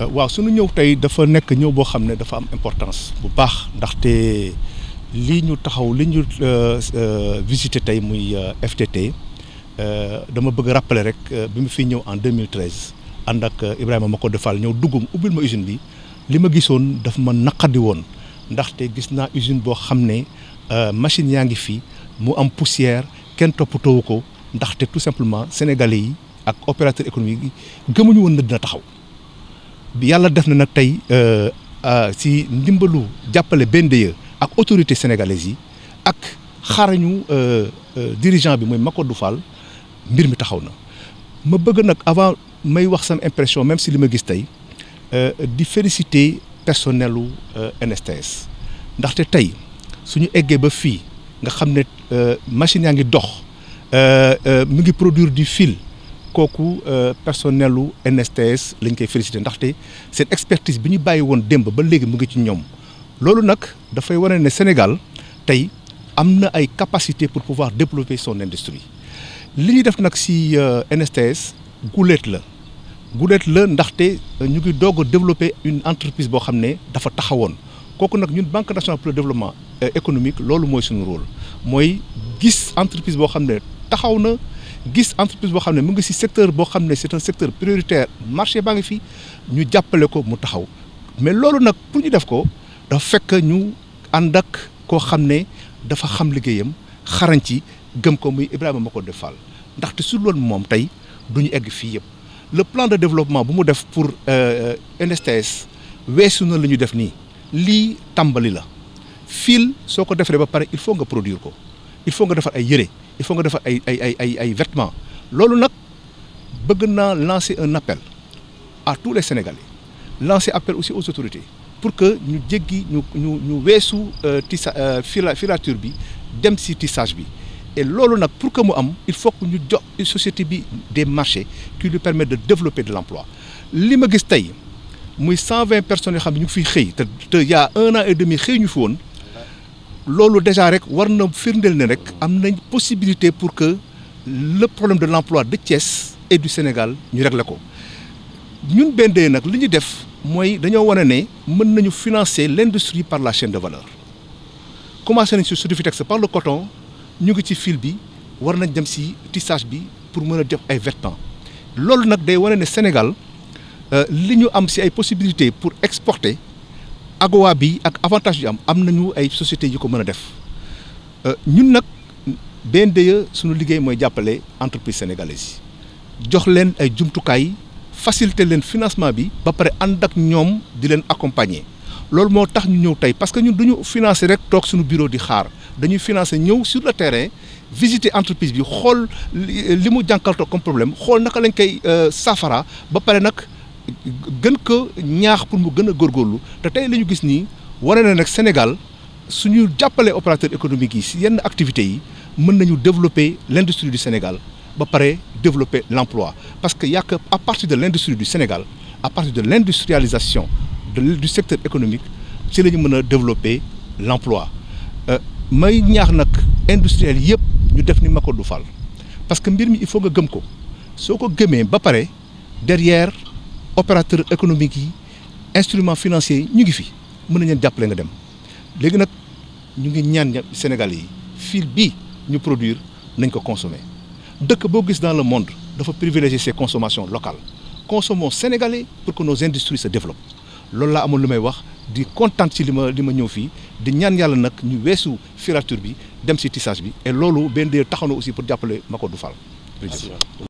Euh, waaw suñu ñëw tey dafa nekk ñëw boo xam ne dafa am importance bu baax ndaxte lii ñu taxaw li ñu euh, euh, visité tey muy FTT dama bëgg rappeler rek bi mu fi ñëw en 2013 ànd ak Ibrahima Makodé Fall ñëw duggum ubbil ma usine bi li ma gisoon dafa ma naqadi woon ndaxte gis naa usine boo xam ne machine yaa ngi fi mu am poussière kenn toppatoowu ko ndaxte tout simplement sénégalais yi ak opérateur économique yi gëmuñu woon na dina taxaw. yàlla def na nag tey euh, euh, si ndimbalu jàppale BNDE ak autorité sénégalaise yi ak xarañu euh, dirigeant bi mooy Macodou Fall mbir mi taxaw na ma bëgg nag avant may wax sama impression même si li ma gis tey di féliciter personnelu NSTS ndaxte tey suñu eggee ba fii nga xam ne machine yaa ngi dox mu ngi produire du fil kooku euh, personnelu NSTS lañ koy félicité ndaxte seen expertise bi ñu bàyyi woon démb ba léegi mu ngi ci ñoom loolu nag dafay wane ne Sénégal tey am na ay capacité pour pouvoir développer son industrie li ñuy def nag si euh, NSTS guleet la guleet la ndaxte euh, ñu ngi doog a développer une entreprise boo xam ne dafa taxawoon kooku nag ñun banque nationale pour le développement économique loolu mooy suñu role mooy gis entreprise boo xam ne taxaw na. gis entreprise boo xam ne mu ngi si secteur boo xam ne c'est un secteur prioritaire marché baa ngi fi ñu jàppale ko mu taxaw mais loolu nag pour ñu def ko dafa fekk ñu ànd ak koo xam ne dafa xam liggéeyam xarañ ci gëm ko muy Ibrahima Macodé Fall ndaxte su loolu moom tey du ñu egg fii yëpp le plan de développement bu mu def pour euh, NSTS weesu na la ñu def nii lii tàmbali la fiil soo ko defaree ba pare il faut nga produire ko il faut nga defar ay yére. il nga defar ay ay ay ay ay vêtements loolu nag bëgg naa lancer un appel à tous les Sénégalais lancer appel aussi aux autorités pour que ñu jéggi ñu ñu ñu weesu euh, tissa euh, fila filature bi dem si tissage bi et loolu nag pour que mu am il faut que ñu jox société bi des marchés qui lui permettent de développer de l'emploi li ma gis tey muy cent vingt personnes yoo xam ne ñu ngi fiy xëy te te a un an et demi xëy ñu fi woon loolu déjà rek war na firndeel ne rek am nañ possibilité pour que le problème de l'emploi de Thiès et du Sénégal ñu régler ko ñun BNDE nag li ñu def mooy dañoo wane ne mën nañu financer l'industrie par la chaîne de valeur commencé nañ si Sodefitex par le coton ñu ngi ci fil bi war nañ dem si tissage bi pour mën a def ay vêtements loolu nag day wane ne Sénégal euh, li ñu am si ay possibilités pour exporter AGOA bi ak avantage yu am am nañu ay société yu ko mën a def euh, ñun nag benn BNDE suñu liggéey mooy jàppale entreprise sénégalaise yi jox leen ay jumtukaay facilité leen financement bi ba pare ànd ak ñoom di leen accompagner loolu moo tax ñu ñëw tey parce que ñun duñu financer rek toog suñu bureau di xaar dañuy financer ñëw sur le terrain visiter entreprise bi xool li mu jànkaltoo comme problème xool naka lañ koy euh, saafara ba pare nag gën ko ñaax pour mu gën a góorlu te tey li ñu gis nii wane na nag Sénégal suñu jàppalee opérateur économique yi si yenn activités yi mën nañu développer l'industrie du Sénégal ba pare développer l'emploi parce que yàq à partir de l'industrie du Sénégal à partir de l'industrialisation du secteur économique ci la ñu mën a développer l'emploi euh, may ñaax nag industriel yëpp ñu def ni ma ko du parce que mbir mi il faut nga gëm ko soo ko gëmee ba pare derrière opérateur économique yi instrument financier yi ñu ngi fi mën nañ leen jàppale nga dem léegi nag ñu ngi ñaan Sénégal yi fil bi ñu produire nañ ko consommer dëkk boo gis dans le monde dafa privilégier ses consomation locales consommons sénégalais pour que nos industries se développent loolu laa amoon lu may wax di kontaan ci li ma li ma ñëw fii di ñaan yàlla nag ñu weesu filature bi dem ci tissage bi e loolu benn dee taxaw na aussi pour jàppale Macodou Fall